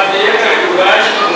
caveira, o gancho,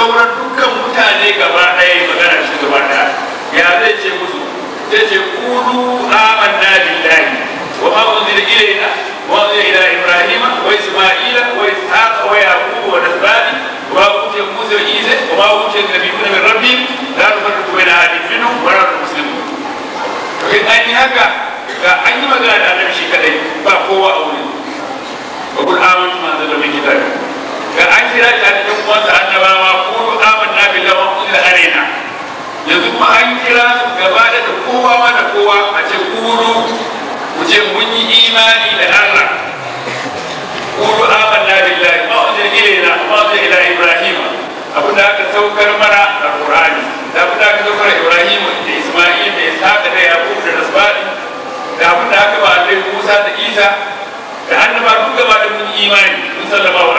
sauran dukkan mutane gaba ɗaya magana shi gaba ɗaya ya zai ce musu zai ce kulu amanna billahi wa ma unzila ilayna wa unzila ila ibrahima wa isma'ila wa ishaqa wa yaqub wa nasbani wa utiya musa wa isa wa ma utiya nabiyuna min rabbihim la nufarriqu baina ahadin minhum wa nahnu muslimun to in an yi haka ga an yi magana da annabi shi kadai ba kowa a wurin wa kul amantu ma zalla min kitabi ga an kira shi da ɗan uwansa annabawa ko na bi wa kullu alaina yanzu kuma an kira su gaba da kowa ma da kowa a ce kuru ku ce mun yi imani da Allah kuru amanna billahi ma wanda ilaina ma wanda ila ibrahim abin da aka saukar mana a qur'ani da abin da aka saukar ibrahim da isma'il da ishaq da yaqub da nasbani da abin da aka ba da musa da isa da annaba duk gaba da mun yi imani mun sallama wa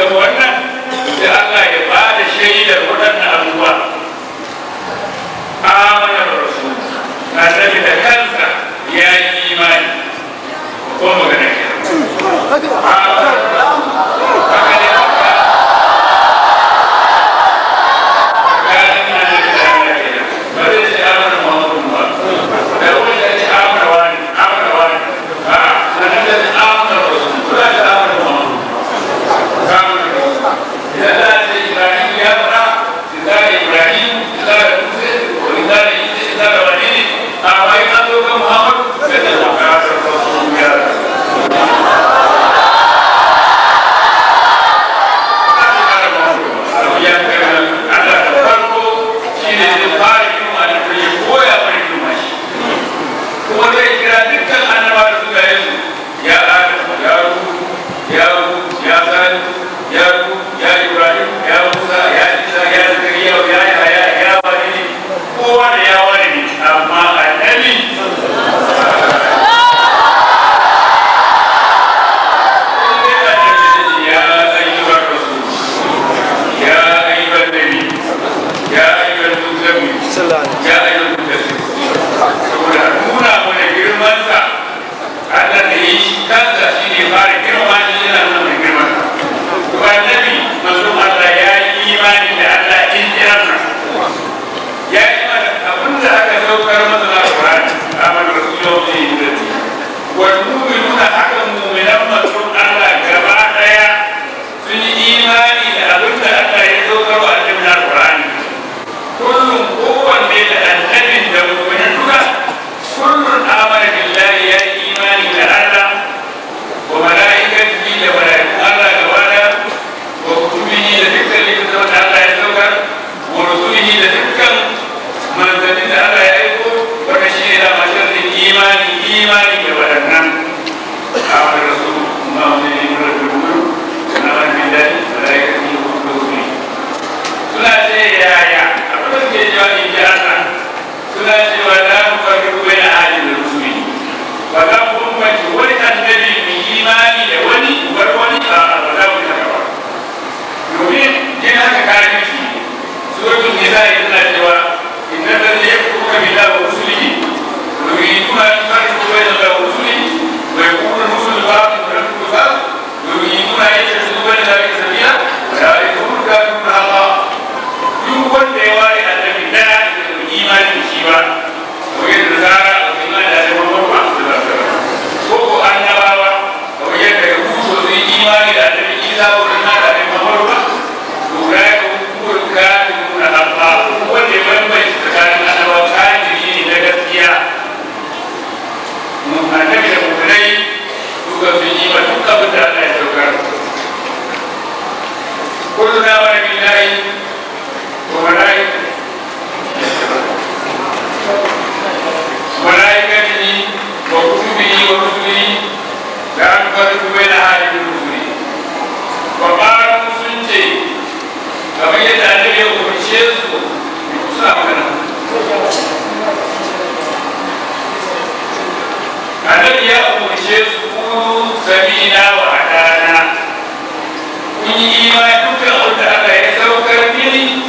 gama wannan sai Allah ya ba da shaidar waɗannan abubuwa amanar rasu annabi da kansa ya yi imani ko magana kenan Io è tutto il resto per finire.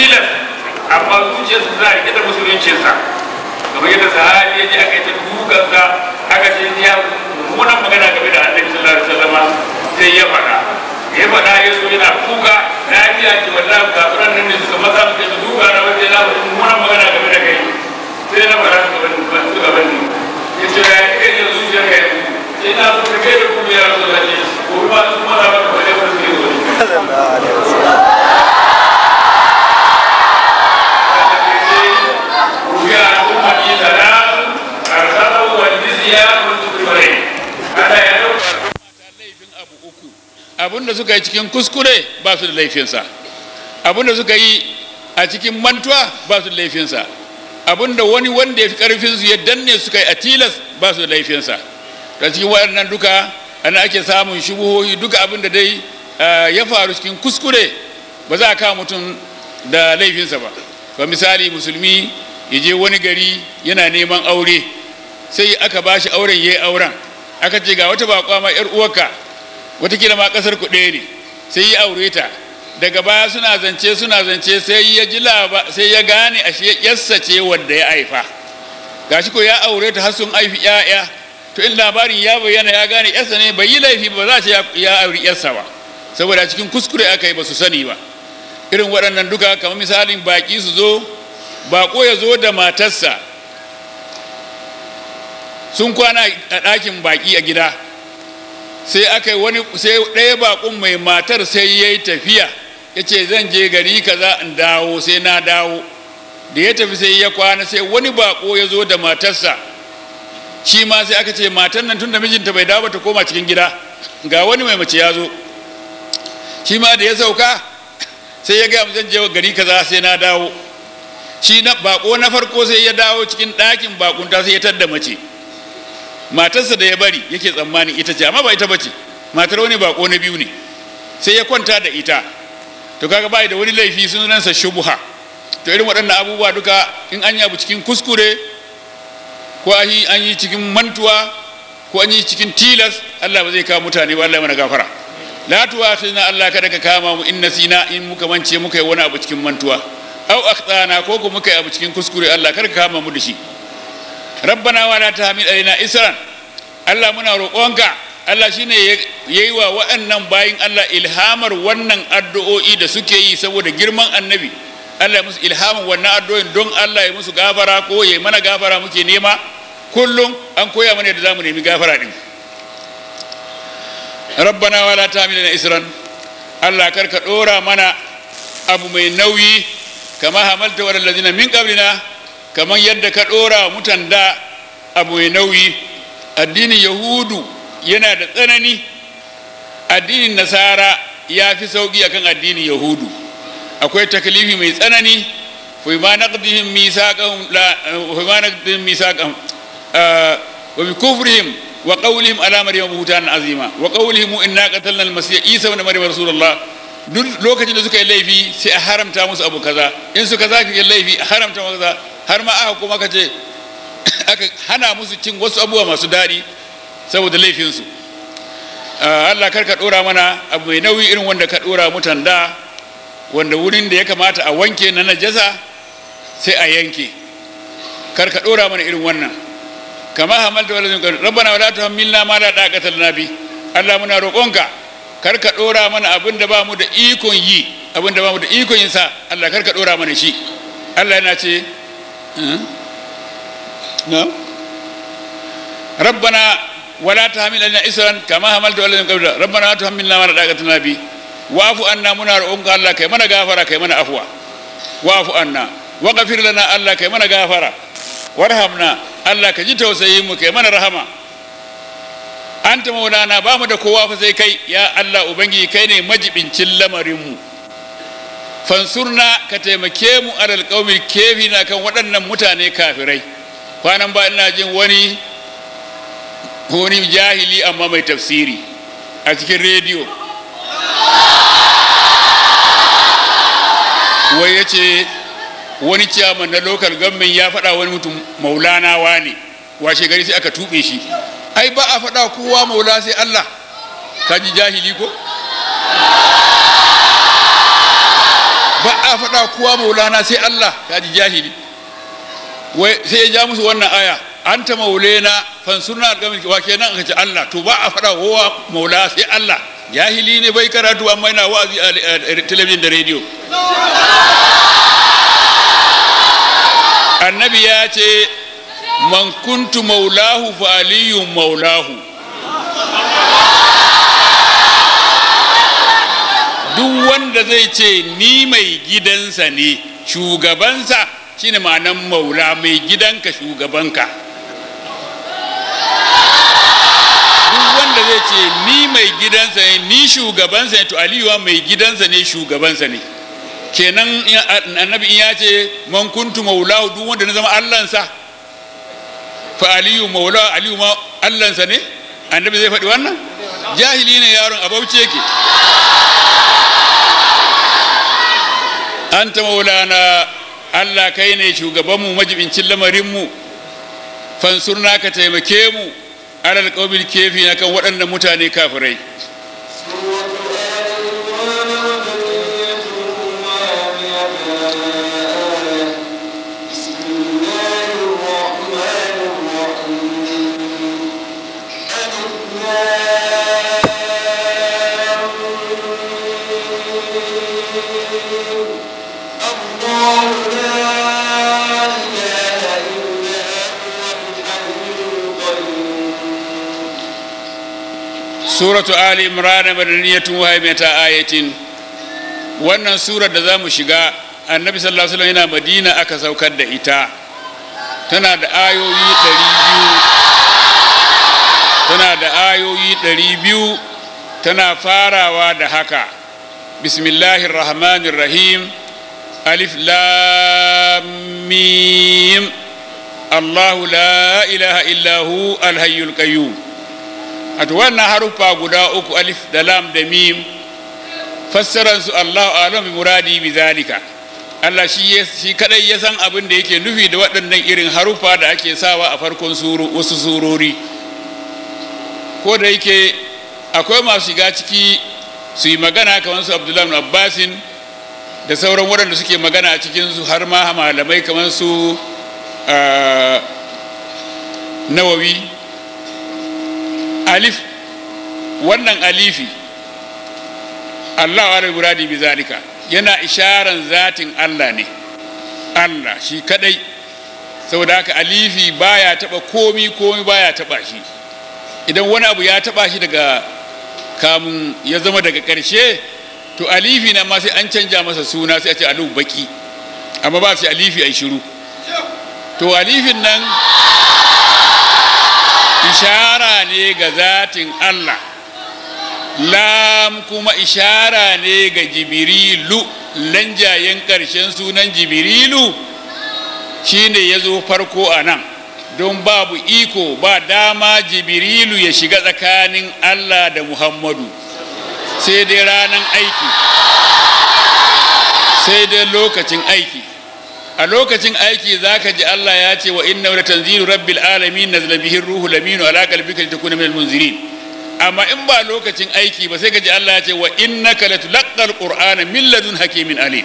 tilas amma zuciyarsa za a rike da musuluncinsa kamar yadda sahabi ya ji aka yi ta dukansa aka ce ya mummunan magana game da annabi sallallahu alaihi wasallam sai ya faɗa ya faɗa ya so yana kuka na ji a ce wallahi kafiran nan ne suka masa suka ji duka na wajen na wajen mummunan magana game da kai sai na faɗa suka bani suka bani ya ce ya yi kai yanzu zuciyar kai yanzu sai na so ka kai da kuma ya rasu da shi gobe ba su mara ba da ko wani. abin da suka yi cikin kuskure ba su da laifinsa Abun da suka yi a cikin mantuwa ba su da laifinsa Abun da wani wanda ya fi karfin su ya danne suka yi a tilas ba su da laifinsa ta cikin waɗannan duka ana ake samun shubuhohi duka abin da dai ya faru cikin kuskure ba za a kawo mutum da laifinsa ba ba misali musulmi ya je wani gari yana neman aure sai aka ba shi auren ya yi auren aka ce ga wata baƙwa ma 'yar uwarka watakila ma kasar ku ɗaya ne sai yi aure ta daga baya suna zance suna zance sai ya ji sai ya gane ashe yassa ce wanda ya haifa gashi ko ya aure ta har sun haifi ƴaƴa to in labarin ya bayyana ya gane yassa ne bai yi laifi ba za ce ya aure yassa ba saboda cikin kuskure aka yi ba su sani ba irin waɗannan duka kamar misalin baƙi su zo baƙo ya zo da matarsa sun kwana a ɗakin baƙi a gida sai aka wani sai ɗaya baƙon mai matar sai ya yi tafiya ya ce zan je gari kaza in dawo sai na dawo da ya tafi sai ya kwana sai wani baƙo ya zo da matarsa shi ma sai aka ce matar nan tun da mijinta bai dawo ta koma cikin gida ga wani mai mace ya zo shi ma da ya sauka sai ya gaya zan je gari kaza sai na dawo shi na baƙo na farko sai ya dawo cikin ɗakin bakunta sai ya tadda mace matarsa da ya bari yake tsammanin ita ce amma ba ita bace matar wani bako na biyu ne sai ya kwanta da ita to kaga bai da wani laifi sunansa shubuha to irin waɗannan abubuwa duka in an yi abu cikin kuskure ko an yi cikin mantuwa ko an yi cikin tilas Allah ba zai kawo mutane ba Allah mana gafara la sina Allah kada ka kama mu inna sina in muka mance muka yi wani abu cikin mantuwa au akhtana ko ku muka yi abu cikin kuskure Allah kada ka kama mu da shi rabbana wala tahmil alaina isran Allah muna roƙonka Allah shine ya yi wa waɗannan bayin Allah ilhamar wannan addu'o'i da suke yi saboda girman annabi Allah ya musu ilhamin wannan addu'o'in don Allah ya musu gafara ko ya mana gafara muke nema kullum an koya mana yadda zamu nemi gafara din rabbana wala tahmilna isran Allah karka dora mana abu mai nauyi kama hamalta wa allazina min qablina kamar yadda ka ɗora mutan da abu mai nauyi addinin yahudu yana da tsanani addinin nasara ya fi sauƙi akan addinin yahudu akwai taklifi mai tsanani fi ma naqdihim misaqahum la fi ma naqdihim misaqahum wa bi kufrihim wa qawlihim ala maryam buhtan azima wa qawlihim inna qatalna al-masih isa ibn maryam rasulullah duk lokacin da suka yi laifi sai a haramta musu abu kaza in suka zaka yi laifi a haramta musu kaza har ma aka kuma kace aka hana musu cin wasu abubuwa masu daɗi saboda laifinsu ah, Allah kar ka ɗora mana abu mai nauyi irin wanda ka ɗora mutan da wanda wurin da ya kamata a wanke na najasa sai a yanke kar ka ɗora mana irin wannan kama hamalta wala zin rabbana wala tuhammilna ma la taqata lana bi Allah muna roƙonka kar ka ɗora mana abin da ba mu da ikon yi abin da ba mu da ikon yin sa Allah kar ka ɗora mana shi Allah yana ce نعم ربنا ولا تحمل علينا اسرا كما حملت على الذين قبلنا ربنا لا تحملنا ما لا طاقة لنا به واعف عنا منا رؤونك الله كي من غافر كي من أفوى واعف عنا واغفر لنا الله كي من غافر warhamna Allah ka ji tausayin mu kai mana rahama anta maulana ba mu كي kowa fa sai kai ya Allah fansurna ka taimake mu alal kefi na kan waɗannan mutane kafirai kwanan ba ina jin wani wani jahili amma mai tafsiri a cikin rediyo wai ya ce wani ciyaman na lokal government ya faɗa wani mutum wa ne washe gari sai aka tuɓe shi ai ba a faɗa kowa maula sai allah ka ji jahili ko ba a faɗa kowa maulana sai Allah ya ji jahili sai ya ja musu wannan aya an ta maulena fansuna alƙamil wa kenan aka ce Allah to ba a faɗa kowa maula sai Allah jahili ne bai karatu amma yana wa'azi a talabijin da rediyo annabi ya ce man kuntu maulahu fa aliyun maulahu duk wanda zai ce ni mai gidansa ne shugabansa shine ma'anan maula mai gidanka shugabanka duk wanda zai ce ni mai gidansa ne ni shugabansa ne to aliyuwa mai gidansa ne shugabansa ne kenan annabi in ya ce man kuntu maula duk wanda na zama allansa fa aliyu maula aliyu ma allansa ne annabi zai faɗi wannan jahili ne yaron a ke an ta maulana Allah kai ne shugabanmu majibincin lamarinmu fansurna ka taimake mu alal qawbil kefi na kan waɗannan mutane kafirai suratu ali imran madaniyatun wa haymata ayatin wannan surar da zamu shiga annabi sallallahu alaihi wasallam yana madina aka saukar da ita tana da ayoyi 200 tana da ayoyi 200 tana farawa da haka bismillahir rahmanir rahim alif lam mim la ilaha إله إلا هو ato wannan harufa guda uku alif da lam da mim su allahu alam bi muradi bi zalika allah shi shi kadai ya san abin da yake nufi da waɗannan irin harufa da ake sawa a farkon suru wasu surori ko da yake akwai masu shiga ciki su yi magana kamar su abdullahi abbasin da sauran waɗanda suke magana a su har ma malamai kamar su ah, nawawi alif wannan alifi Allah wa muradi bi zalika yana isharan zatin Allah ne Allah shi kadai saboda haka alifi baya taba komi komi baya taba shi idan wani abu ya taba shi daga kamun ya zama daga karshe to alifi na ma sai an canja masa suna sai a ce alu baki amma ba sai alifi ai shiru to alifin nan ishara ne ga zatin Allah lam kuma ishara ne ga jibirilu lanjayen ƙarshen sunan jibirilu shine ya zo farko a nan don babu iko ba dama jibirilu ya shiga tsakanin Allah da Muhammadu sai dai ranar aiki sai dai lokacin aiki a lokacin aiki za ka ji Allah ya ce wa inna la tanzilu rabbil alamin ruhu bihi ruhul amin ala ta kuna minal munziri amma in ba lokacin aiki ba sai ka ji Allah ya ce wa innaka latulqal qur'ana min ladun hakimin alim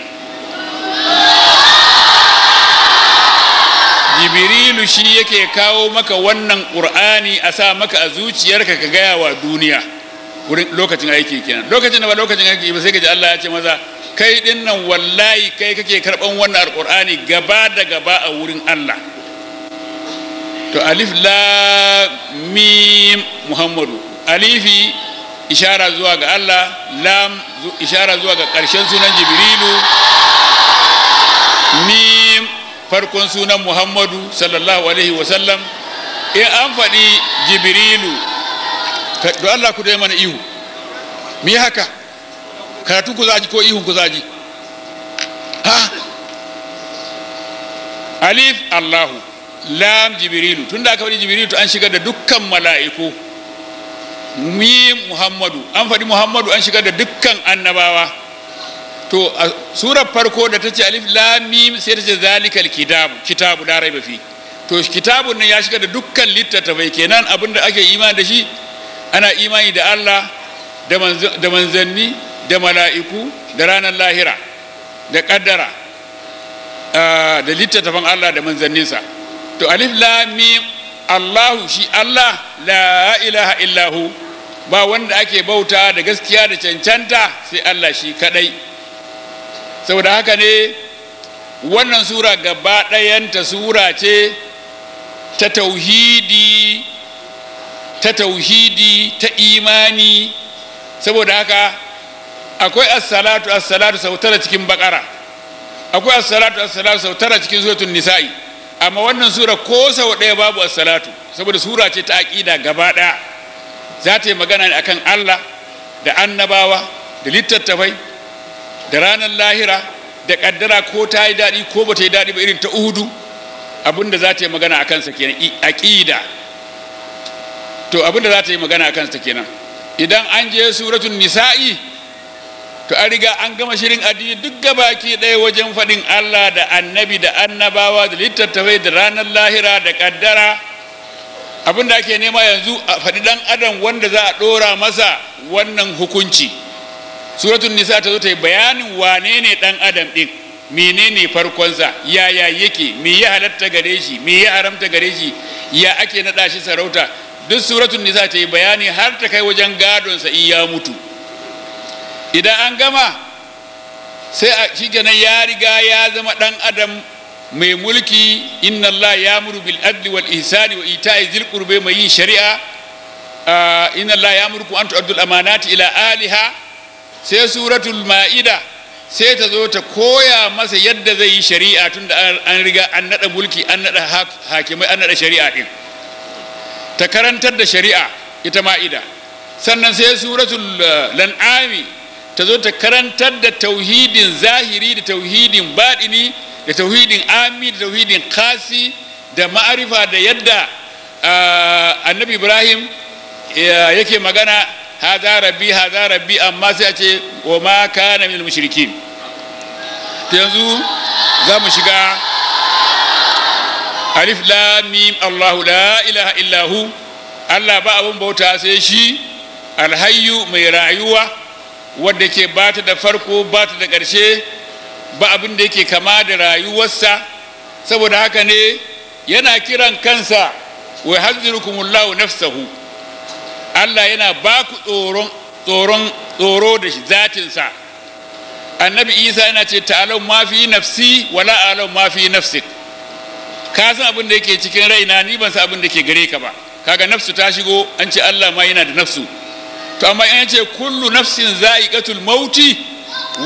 jibrilu shi yake kawo maka wannan qur'ani a sa maka a zuciyarka ka gaya wa duniya wurin lokacin aiki kenan lokacin da ba lokacin aiki ba sai ka ji Allah ya ce maza kai din nan wallahi kai kake karban wannan alqur'ani gaba da gaba a wurin Allah to alif lam mim muhammadu alifi ishara zuwa ga Allah lam ishara zuwa ga ƙarshen sunan jibrilu mim farkon sunan muhammadu sallallahu alaihi wa sallam, in e, an faɗi jibrilu to Allah ku dai mana ihu mi haka karatu ku zaji ko ihun ku zaji ha alif allahu lam jibrilu tun da aka faɗi jibrilu to an shigar da dukkan mala'iku mim muhammadu an faɗi muhammadu an shigar da dukkan annabawa to a surar farko da ta ce alif lam mim sai ta ce zalikal kitabu kitabu da raiba fi to kitabun nan ya shigar da dukkan littattafai kenan abinda ake imani da shi ana imani da Allah da manzanni da mala'iku da ranar lahira da ƙaddara da littattafan Allah da manzanninsa to alif lamim Allahu shi Allah la ilaha illahu ba wanda ake bauta da gaskiya da cancanta sai Allah shi kadai saboda haka ne wannan sura gaba ɗayanta sura ce ta tauhidi ta tauhidi ta imani saboda haka akwai assalatu assalatu sau cikin bakara akwai assalatu assalatu sau cikin suratul nisa'i amma wannan sura ko sau ɗaya babu assalatu saboda sura ce ta aƙida gaba ɗaya za ta yi magana ne akan Allah da annabawa da littattafai da ranar lahira da ƙaddara ko ta yi daɗi ko ba ta yi daɗi ba irin ta uhudu abinda za ta yi magana a kansa kenan aƙida to abinda za ta yi magana a kansa kenan idan an je suratul nisa'i to an riga an gama shirin addini duk gabaki ɗaya wajen faɗin Allah da annabi da annabawa da littattafai da ranar lahira da ƙaddara abin da ake nema yanzu a faɗi ɗan adam wanda za a ɗora masa wannan hukunci suratun nisa ta zo ta yi bayanin wane ne ɗan adam ɗin menene farkonsa yaya yake me ya halatta gare shi me ya haramta gare shi ya ake naɗa shi sarauta duk suratun nisa ta yi bayani har ta kai wajen gadonsa in ya mutu idan an gama sai a shikenan ya riga ya zama dan adam mai mulki inna Allah ya muru bil adli wal ihsani wa ita'i zil qurbi mai yin shari'a ah, inna Allah ya murku an al amanati ila aliha sai suratul ma'ida sai ta zo ta koya masa yadda zai yi shari'a tun da an riga an nada mulki an nada hakimai an nada shari'a din ta karantar da shari'a ita ma'ida sannan sai suratul ah, lan'ami ta zo ta karantar da tauhidin zahiri da tauhidin baɗini da tauhidin ami da tauhidin kasi da ma'arifa da yadda annabi ibrahim yake magana haza rabbi haza rabbi amma sai a ce wa ma kana min mushrikin yanzu za mu shiga alif lam mim allahu la ilaha Illahu allah ba abun bauta sai shi alhayyu mai rayuwa wadda ke ba ta da farko ba ta da ƙarshe ba abin da yake kama da rayuwarsa saboda haka ne yana kiran kansa wai wa hazzirukumullahu nafsahu Allah yana ba ku tsoron tsoro da shi zatinsa annabi isa yana ce ta'alau ma fi nafsi wala alau ma fi nafsik ka san abin da yake cikin raina ni ban san abin da ke gare ka ba kaga nafsu ta shigo an ce Allah ma yana da nafsu to amma yan ce kullu nafsin za'iqatul mauti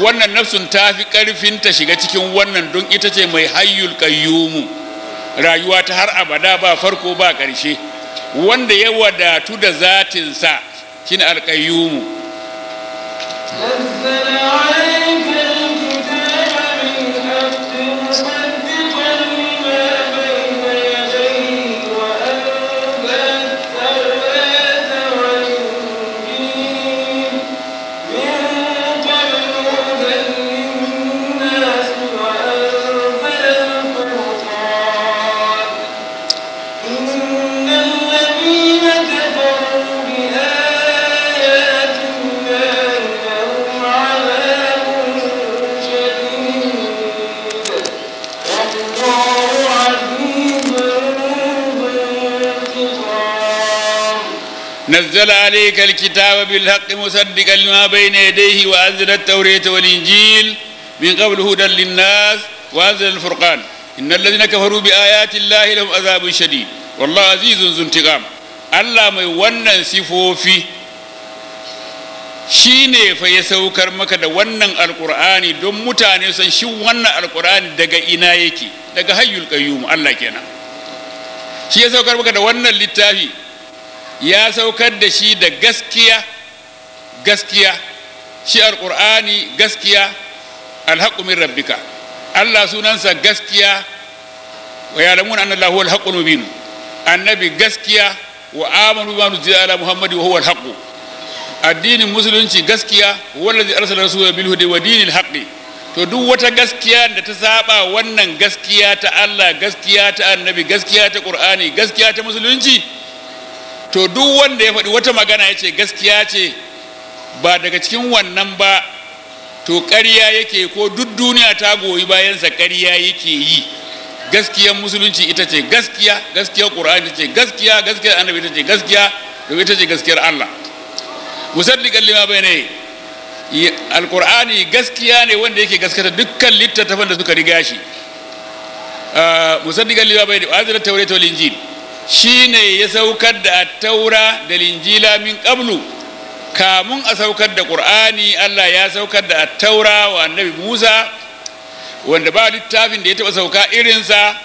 wannan nafsun ta fi karfin ta shiga cikin wannan don ita ce mai hayyul qayyumu rayuwa ta har abada ba farko ba ƙarshe wanda ya wadatu da zatin sa shine alqayyumu نزل عليك الكتاب بالحق مصدقا لما بين يديه وأنزل التوراة والإنجيل من قبل هدى للناس وأنزل الفرقان إن الذين كفروا بآيات الله لهم عذاب شديد والله عزيز ذو انتقام Allah mai wannan sifofi shi ne fa ya saukar maka da wannan alkur'ani don mutane san shi wannan alkur'ani daga ina yake daga hayyul qayyum Allah kenan shi ya saukar maka da wannan littafi ya saukar da shi da gaskiya gaskiya shi alƙur'ani gaskiya alhaƙu min rabbika Allah sunansa gaskiya wa ya'lamuna anna Allahu al-haqqul mubin annabi gaskiya wa amanu bima nuzila ala muhammadi wa huwa Alhaqu. addinin musulunci gaskiya wallazi arsala rasulahu bil hudi wa dinil haqqi to duk wata gaskiya da ta saba wannan gaskiya ta Allah gaskiya ta annabi gaskiya ta qur'ani gaskiya ta musulunci to duk wanda ya faɗi wata magana ya ce gaskiya ce ba daga cikin wannan ba to ƙarya yake ko duk duniya ta goyi bayansa ƙarya yake yi gaskiyar musulunci ita ce gaskiya gaskiyar ƙur'ani ita ce gaskiya gaskiyar annabi ita ce gaskiya domin ita ce gaskiyar Allah musaddiqan lima ne alqur'ani gaskiya ne wanda yake gaskata dukkan littattafan da suka riga shi ah, musaddiqan lima bayne wa azra tawrata taurin injil Shi ne ya saukar da attaura da linjila min qablu kamun a saukar da ƙur'ani Allah ya saukar da taura wa annabi Musa wanda ba littafin da ya taba sauka irinsa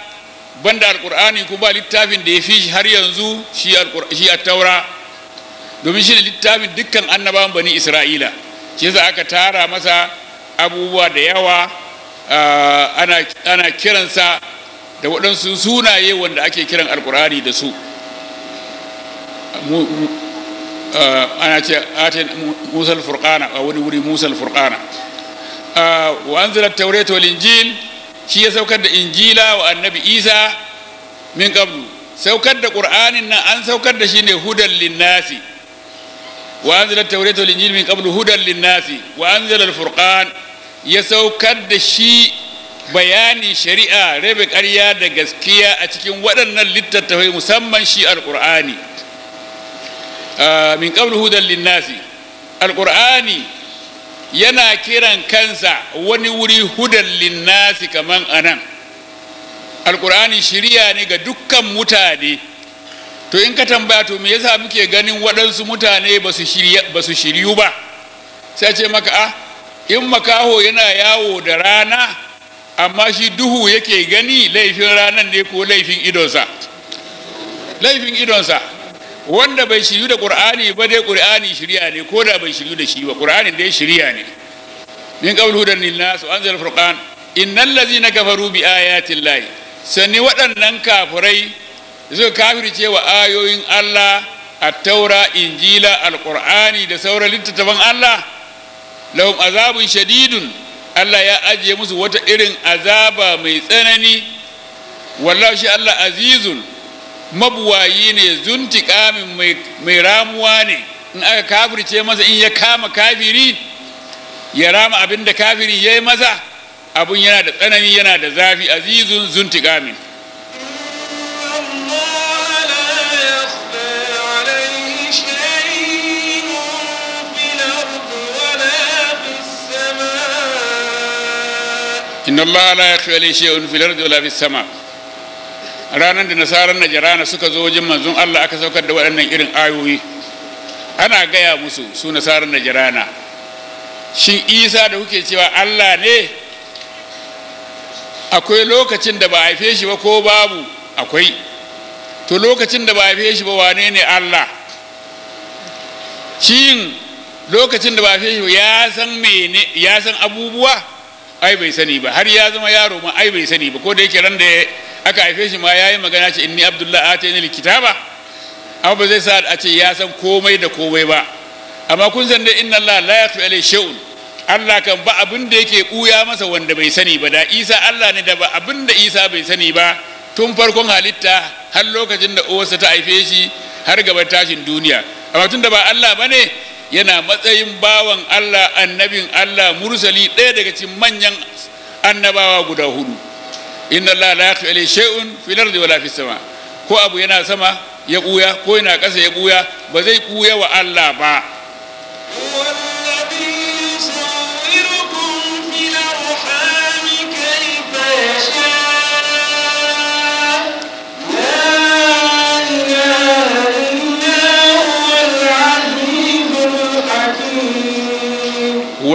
banda alƙur'ani kuma ba littafin da ya fi shi har yanzu shi a taura. domin shine littafin dukkan annabawan bani Isra'ila shi za aka tara masa abubuwa da yawa ana kiransa da waɗansu sunaye wanda ake kiran alkur'ani da su ana ce atin musal furqana a wani wuri musal furqana wa anzala tawrat wal injil shi ya saukar da injila wa annabi isa min qablu saukar da qur'anin nan an saukar da shi ne hudan linnasi wa anzala tawrat wal injil min qablu hudan linnasi wa anzala al furqan ya saukar da shi bayani shari'a rabe ƙarya da gaskiya a cikin waɗannan littattafai musamman shi alƙur'ani min ƙabar hudar linnasi alƙur'ani yana kiran kansa wani wuri hudan linnasi kamar anan alƙur'ani shari'a ne ga dukkan mutane to in ka tambaya to me yasa muke ganin waɗansu mutane ba su shiryu ba sai ce maka a ah, in makaho yana yawo da rana amma shi duhu yake gani laifin ranar ne ko laifin idonsa laifin idonsa wanda bai shiryu da ƙur'ani ba dai ƙur'ani shirya ne ko da bai shiryu da shi ba ƙur'ani dai shirya ne min qawli hudan lin nas wa anzal furqan innal ladzina kafaru bi ayati llahi sani waɗannan kafirai zai kafirce wa ayoyin Allah attaura injila al da sauran littattafan Allah lahum azabun shadidun Allah ya ajiye musu wata irin azaba mai tsanani wallashi Allah azizun mabuwayi ne kamin mai ramuwa ne in aka kafirce masa in ya kama kafiri ya rama abin da kafiri ya yi masa abin yana da tsanani yana da zafi azizun zuntika kamin. inna allaha la yakhfa alayhi shay'un fil ardi wala fis sama ranar da na jarana suka zo wajen manzon Allah aka saukar da waɗannan irin ayoyi ana gaya musu su na jarana. shin isa da kuke cewa Allah ne akwai lokacin da ba haife shi ba ko babu akwai to lokacin da ba haife shi ba wane ne Allah shin lokacin da ba haife shi ba san ya san abubuwa ai bai sani ba har ya zama yaro ma ai bai sani ba ko da yake ran da aka haife shi ma yayi magana ce inni abdullah atayni alkitaba likita ba zai sa a ce ya san komai da komai ba amma kun san da inna allah la yakhfa alai shay'un Allah kan ba abin da yake buya masa wanda bai sani ba da Isa Allah ne da ba abin da Isa bai sani ba tun farkon halitta har lokacin da uwarsa ta haife shi har gaba tashin duniya amma tun da ba Allah bane yana matsayin bawan Allah annabin Allah mursali ɗaya daga cikin manyan annabawa guda hudu inna Allah la yakhfa shay'un fil ardi wala fis sama ko abu yana sama ya buya ko yana ƙasa ya buya ba zai buya wa Allah ba Yeah.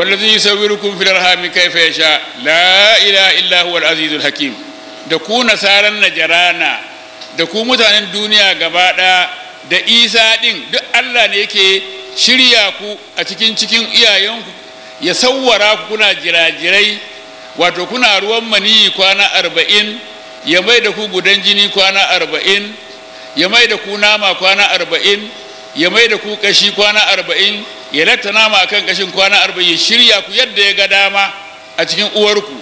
wallazi yusawwirukum fil arhami kayfa yasha la ilaha illa huwal azizul hakim da ku nasaran najarana da ku mutanen duniya gaba ɗaya da isa ɗin duk allah ne yake shirya ku a cikin cikin iyayenku ya sauwara ku kuna jirajirai wato kuna ruwan maniyi kwana arba'in ya mai da ku gudan jini kwana arba'in ya mai da ku nama kwana arba'in ya mai da ku ƙashi kwana arba'in ya latta nama a kan ƙashin kwana arba'in ya shirya ku yadda ya ga dama a cikin uwarku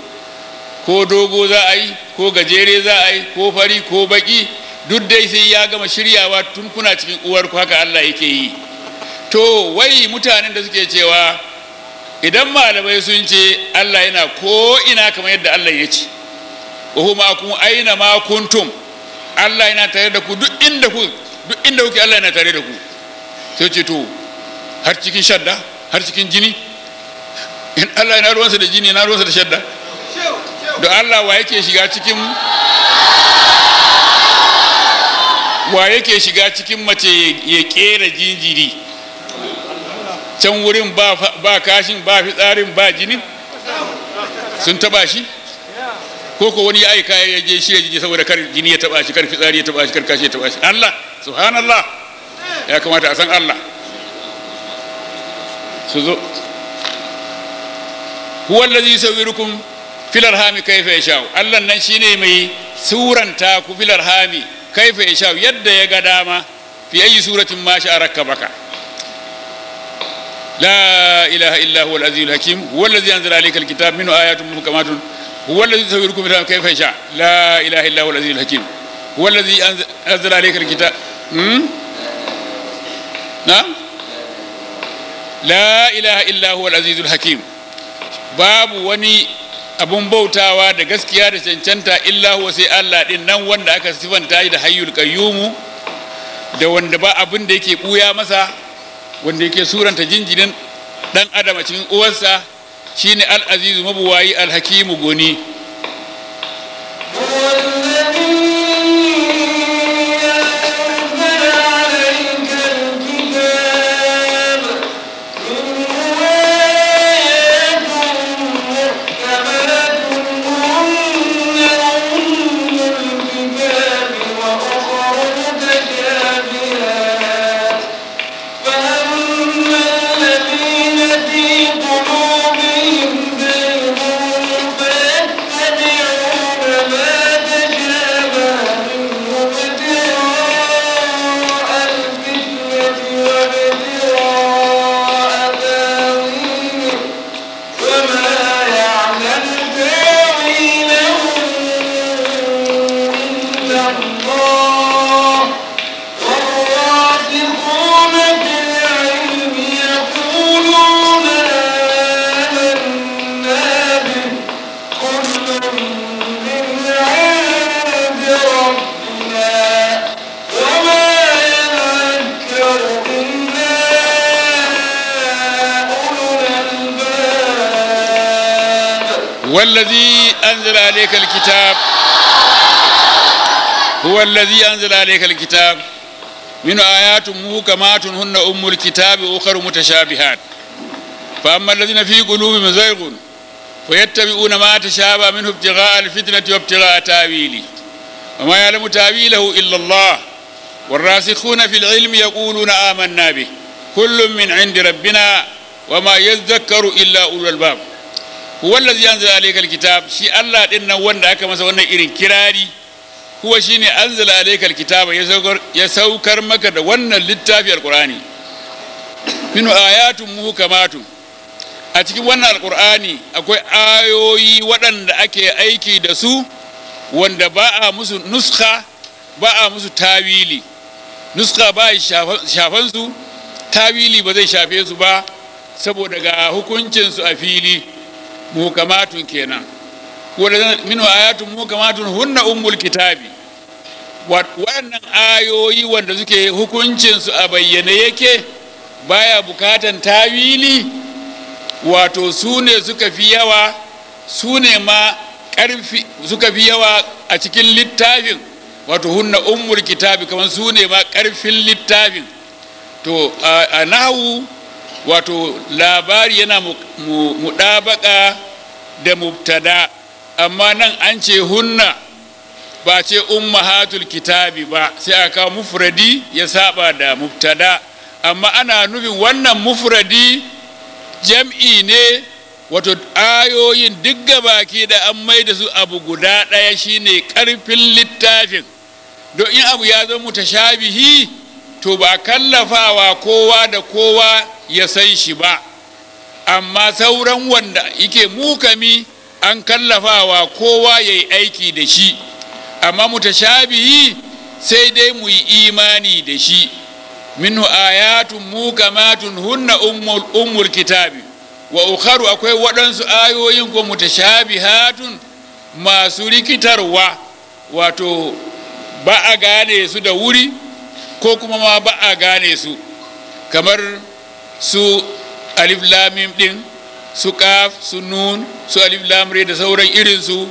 ko dogo za a yi ko gajere za a yi ko fari ko baƙi duk dai sai ya gama shiryawa tun kuna cikin uwarku haka allah yake yi to wai mutanen da suke cewa idan malamai sun ce allah yana ko ina kamar yadda allah ya ce wa huma kun aina ma kuntum allah yana tare da ku duk inda ku duk inda kuke allah yana tare da ku sai ce to har cikin shadda har cikin jini in allah yana ruwansa da jini yana ruwansa da shadda da allah wa yake shiga cikin wa yake shiga cikin mace ya kera jinjiri can wurin ba kashin ba fitsarin ba jinin sun taba shi ko ko wani ya aika ya je shi ya jini saboda kar jini ya taba shi kar fitsari ya taba shi kar kashi ya taba shi allah subhanallah ya kamata a san allah سوزو هو الذي يصوركم في الأرحام كيف يشاء الله ننشيني مي سورا تاكو في الأرحام كيف يشاء يد يقدام في أي سورة ما شاء ركبك لا إله إلا هو العزيز الحكيم هو الذي أنزل عليك الكتاب منه آيات محكمات هو الذي يصوركم في الأرحام كيف يشاء لا إله إلا هو العزيز الحكيم هو الذي أنزل عليك الكتاب نعم la ilaha illa huwa azizul hakim babu wani abun bautawa da gaskiya da cancanta illa huwa sai Allah din nan wanda aka sifanta shi da hayyul qayyum da wanda ba abin da yake buya masa wanda yake suranta jinjirin dan adam cikin uwarsa shine al azizu mabuwayi al hakimu goni هو الذي أنزل عليك الكتاب من آيات محكمات هن أم الكتاب أخر متشابهات فأما الذين في قلوبهم زيغ فيتبعون ما تشابه منه ابتغاء الفتنة وابتغاء تاويله وما يعلم تاويله إلا الله والراسخون في العلم يقولون آمنا به كل من عند ربنا وما يذكر إلا أولو الباب هو الذي أنزل عليك الكتاب شي الله إنه وندأك مثلا إن كراري Kuwa shine anzala alaykal kitaba ya saukar maka da wannan littafi alqur'ani min ayatun muhkamatun a cikin wannan alqur'ani akwai ayoyi waɗanda ake aiki da su wanda ba a musu nuskha ba a musu tawili nuskha ba shafan su tawili ba zai shafe su ba saboda ga hukuncin su a fili muhkamatun kenan min minu ayatun mukamatun hunna ummul kitabi waɗannan ayoyi wanda suke hukuncinsu a bayyane yake baya bukatan tawili wato sune suka fi yawa sune ma karfi suka fi yawa a cikin littafin wato hunna ummul kitabi kamar sune ma ƙarfin littafin to a nahu wato labari yana mu mudabaka da mubtada' amma nan an ce hunna ba ce ummahatul kitabi ba sai a kawo mufradi ya saba da mubtada amma ana nufin wannan mufradi jam'i ne wato ayoyin duk baki da an mai da su abu guda daya shine karfin littafin don in abu ya zama mutashabihi to ba kallafawa kowa da kowa ya san shi ba amma sauran wanda yake mukami an kallafawa kowa ya yi aiki da shi amma mutashabihi sai dai mu yi imani da shi minu ayatun mukamatun hunna ummul, kitabi wa ukharu akwai waɗansu ayoyin ko mutashabihatun masu rikitarwa wato ba a gane su da wuri ko kuma ma ba a gane su kamar su alif lamim din su kaf su nun su alif lamre da sauran irin irinsu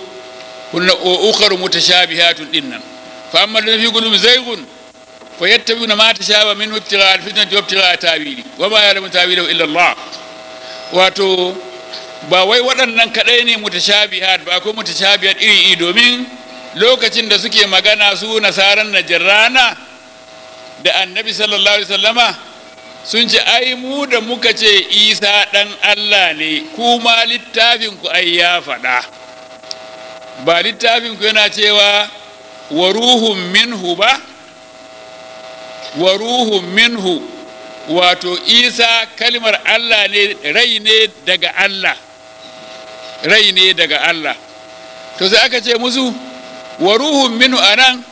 kunna ukharu mutashabihatun dinnan fa amma da fi gulum zaygun fa yattabuna ma tashaba min al fitna wa ibtigha tawili wa ma ya'lamu tawila illa Allah wato ba wai waɗannan kaɗai ne mutashabihat ba ko mutashabihat iri iri domin lokacin da suke magana su nasaran najrana da annabi sallallahu alaihi wasallama sun ce ai mu da muka ce isa ɗan allah ne kuma littafinku ai ya faɗa ba littafinku yana cewa wa ruhun minhu ba wa ruhun minhu wato isa kalmar allah ne rai ne daga allah rai ne daga allah to sai aka ce musu wa ruhun minhu anan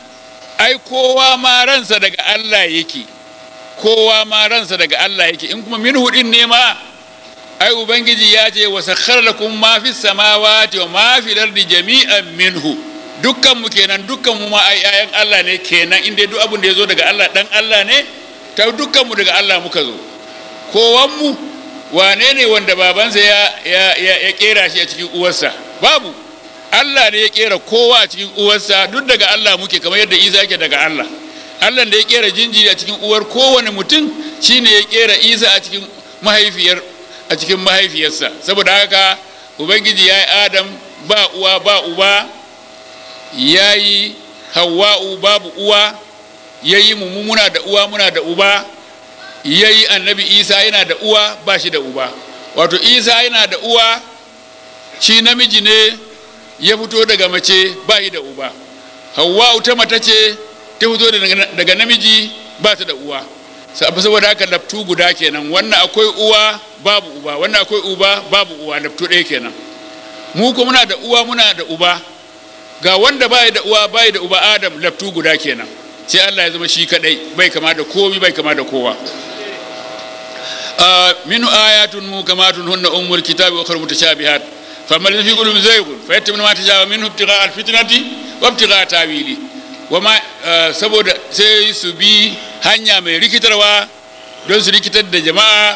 ai kowa ma ransa daga allah yake kowa ma ransa daga Allah yake in kuma min hudin ne ma ai ubangiji ya ce wa sakhar lakum ma fi samawati wa ma fi ardi jami'an minhu dukkan mu kenan dukkan mu ma ai ayan Allah ne kenan in dai duk abun da yazo daga Allah dan Allah ne ta dukkan mu daga Allah muka zo kowan mu wane ne wanda babansa ya ya ya, kera shi a cikin uwarsa babu Allah ne ya kera kowa a cikin uwarsa duk daga Allah muke kamar yadda Isa yake daga Allah allah da ya kera jinjiri a cikin uwar kowane mutum shine ya kera isa a cikin mahaifiyar a cikin mahaifiyarsa saboda haka ubangiji ya yi adam ba uwa ba uba ya yi hawa'u babu uwa ya yi mu muna da uwa muna da uba ya yi annabi isa yana da uwa ba shi da uba wato isa yana da uwa shi namiji ne ya fito daga mace ba shi da uba hawa'u ta mata ce ta fito daga namiji ba ta da uwa sabu saboda haka laftu guda kenan wannan akwai uwa babu uba wannan akwai uba babu uwa laftu ɗaya kenan mu ko muna da uwa muna da uba ga wanda bai da uwa bai da uba adam laftu guda kenan sai Allah ya zama shi kadai bai kama da komi bai kama da kowa ah, min ayatun mukamatun hunna ummul kitabi wa ukhra mutashabihat faman fi qulubin zaygun fayattabi'una ma tashabaha minhu ibtigha'a al-fitnati wa ibtigha'a tawili wama eh, saboda sai su bi hanya mai rikitarwa don su rikitar da jama'a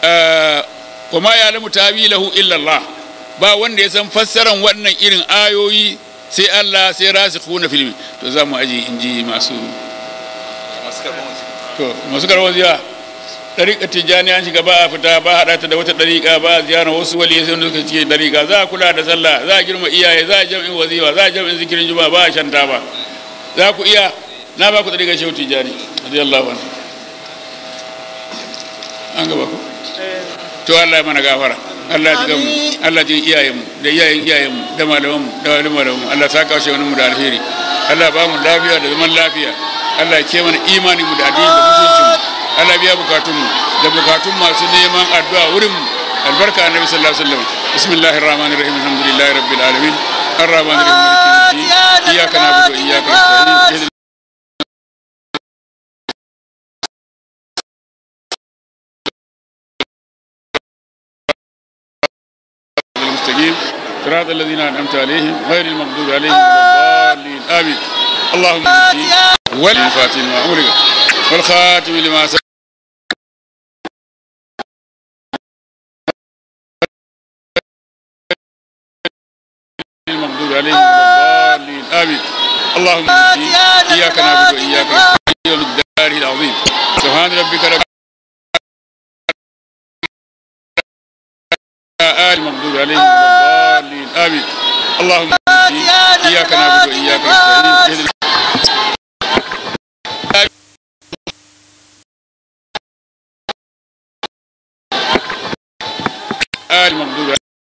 ta eh, ya lamu lahu illallah ba wanda ya san fassaran wannan irin ayoyi sai Allah sai rasikhuna filmi to za mu aji inji masu masu ɗariƙa tijjani an shiga ba a fita ba a haɗa ta da wata ɗariƙa ba a ziyarar wasu wali sai suka cike ɗariƙa za a kula da sallah za a girma iyaye za a jam'in waziwa za a jam'in zikirin juma ba a shanta ba za ku iya na ba ku ɗariƙa shehu tijjani radiyallahu anhu an gaba ku to Allah ya mana gafara Allah ya mu Allah ya iyaye mu da iyayen mu da mu da mu Allah ya saka shehu mu da alheri Allah ya ba mu lafiya da zaman lafiya Allah ya ke mana mu da addini da mutuncinmu Allah biya bukatun mu da bukatun masu neman addu'a wurin mu albarka annabi sallallahu alaihi wasallam bismillahir rahmanir rahim alhamdulillahi rabbil alamin arrahmanir rahim maliki yawmiddin iyyaka na'budu wa iyyaka nasta'in المستقيم صراط الذين انعمت عليهم غير المغضوب عليهم ولا الضالين امين اللهم ولي فاتن وامرك والخاتم لما سبق المغضوب عليهم امين اللهم اياك نعبد واياك نستعين الدار العظيم سبحان ربك رب آل المغضوب عليهم الضالين امين اللهم اياك نعبد واياك نستعين a du